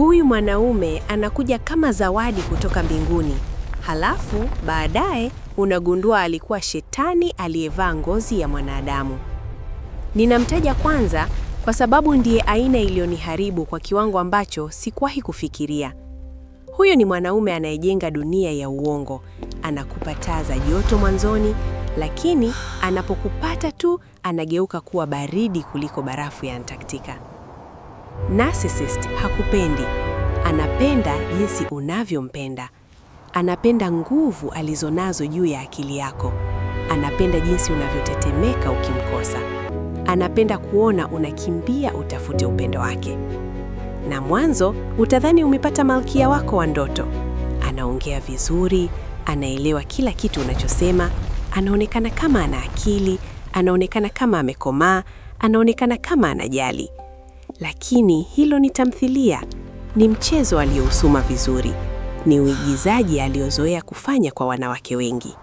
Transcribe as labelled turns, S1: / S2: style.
S1: Huyu mwanaume anakuja kama zawadi kutoka mbinguni. Halafu baadaye unagundua alikuwa shetani aliyevaa ngozi ya mwanadamu. Ninamtaja kwanza kwa sababu ndiye aina iliyoniharibu kwa kiwango ambacho sikuwahi kufikiria. Huyu ni mwanaume anayejenga dunia ya uongo. Anakupa taa za joto mwanzoni, lakini anapokupata tu anageuka kuwa baridi kuliko barafu ya Antaktika.
S2: Narcissist hakupendi, anapenda jinsi unavyompenda. Anapenda nguvu alizonazo juu ya akili yako. Anapenda jinsi unavyotetemeka ukimkosa. Anapenda kuona unakimbia utafute upendo wake. Na mwanzo utadhani umepata malkia wako wa ndoto. Anaongea vizuri, anaelewa kila kitu unachosema, anaonekana kama ana akili, anaonekana kama amekomaa, anaonekana kama anajali. Lakini hilo ni tamthilia, ni mchezo aliyousuma vizuri, ni uigizaji aliozoea kufanya kwa wanawake wengi.